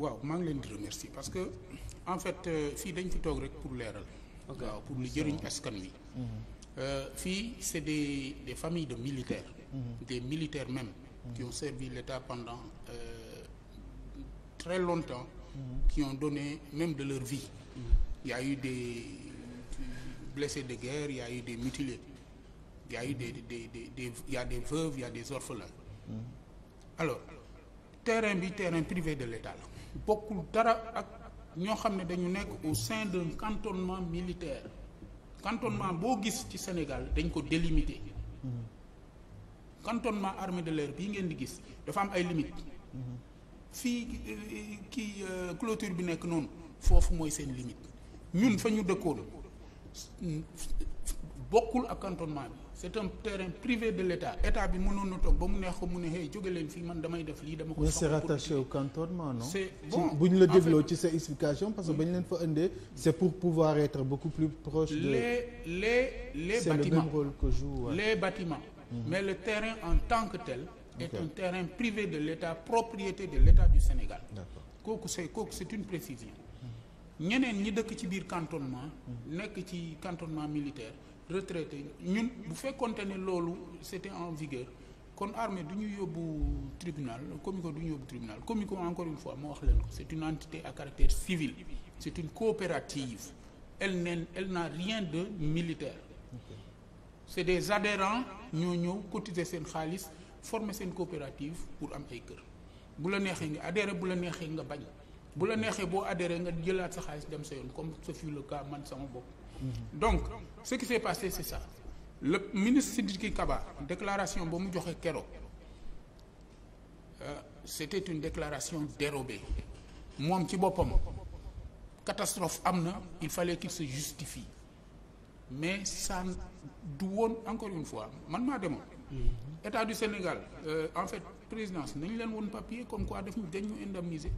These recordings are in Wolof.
waaw maa ngi leen di remercier parce que en fait euh, fii dañ fi toog rek pour leeral. waaw pour lu jëriñ askan wi. Mhm. Euh, fii c'est des des familles de militaires. Mhm. des militaires même. Mhm. qui ont servi l'État pendant euh, très longtemps. qui ont donné même de leur vie. il y a eu des blessés de guerre il y a eu des mutilés il y a eu des des des des des veuves il des orphelins. alors terrain bi terrain privé de l'État la. bokkul dara ak ñoo xam ne dañu nekk au sein d'un cantonnement militaire cantonnement boo gis ci Sénégal dañ ko délimité cantonnement armée de l'air bii ngeen di gis dafa am ay limites fii euh, kii euh, clôture bi nekk noonu foofu mooy seen limite ñun fa ñu dëkkoon bokkul ak cantonnement bi c'est un terrain privé de l'État état bi mënoon na toog ba mu neex ko mu ne hey jóge leen man damay def lii dama ko. mais c'est rattaché au cantonnement non. c'est bu ñu la dégloo ci sa explication parce que ba ñu leen fa indee. c'est pour pouvoir être beaucoup plus proche. de les les les bâtiments c'est le mm-hmm. mais le terrain en tant que tel. est un terrain privé de l'État propriété de l'État du Sénégal. kooku c'est kooku une précision. ñeneen ñi dëkk ci biir cantonnement. Mm-hmm. nekk ci cantonnement militaire. retraité ñun bu fekkonte ne loolu c'était en vigueur kon armée du ñu yóbbu tribunal comico du ñu yóbbu tribunal comico encore une fois moo wax leen ko c'est une entité à caractère civil c'est une coopérative elle nen elle n'a rien de militaire c'est des adhérents ñoo ñëw cotiser seen xaalis former seen coopérative pour am ay kër bu la neexee nga adhéré bu la neexee nga bañ bu la neexee boo adhéré nga jëlaat sa xaalis dem sa yoon comme sa fut man sama bopp donc ce qui s'est passé c'est ça le ministre Sidiki Kaba déclaration ba mu joxe keroog euh, c'était une déclaration dérobée moom ci boppam catastrophe am na il fallait qu'il se justifie mais ça du woon encore une fois man maa demoon. Mm-hmm. état du Sénégal euh, en fait présidence nañu leen woon papier comme quoi daf dañ ñu indemniser.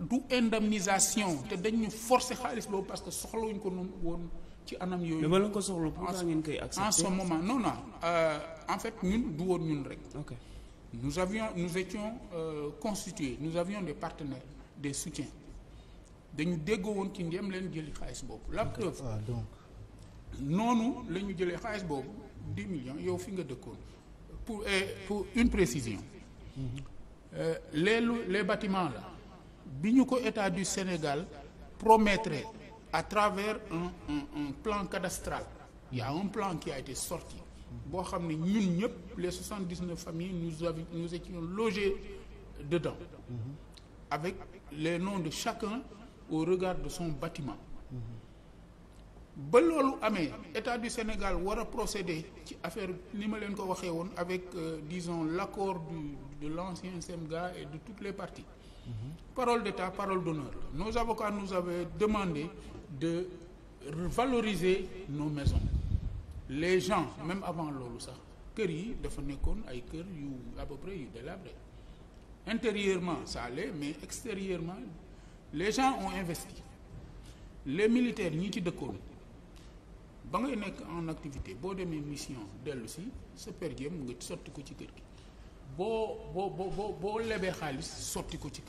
du indemnisation te dañ ñu forcer xaalis boobu parce que soxlawuñ ko noonu woon ci anam yooyu. dama la ko soxla pour que ngeen koy accepter en ce moment non non euh, en fait ñun du woon ñun rek. ok nous avions nous étions euh, constitués des partenaires des soutiens dañu déggoo woon ci ndéem leen jëli xaalis boobu. la preuve ah, noonu la ñu jëlee xaalis boobu dix millions yow fi nga dëkkoon pour eh, pour une précision. Mm -hmm. euh, les les bâtiments bi ñu ko état du Sénégal promettrait à travers un un un plan cadastral il un plan qui a été sorti boo xam ne ñun ñëpp les soixante dix neuf familles nous avions nous étions logés dedans mm -hmm. avec les noms de chacun au regard de son bâtiment mm-hmm. ba loolu amee état du Sénégal war a ci affaire ni ma leen ko waxee woon avec euh, disons l'accord du de l'ancien SEMGA et de toutes les parties parole d'état parole d'honneur la nos avocats nous avaient demandé de valoriser nos maisons les gens même avant loolu sax kër yi dafa nekkoon ay kër yu à peu près yu délabré intérieurement ça allait mais extérieurement les gens ont investi les militaires ñi ci dëkkoon ba ngay nekk en activité boo demee mission dellu si sa per diem nga sotti ko ci kër gi boo boo boo boo lebee xaalis sotti ko ci kër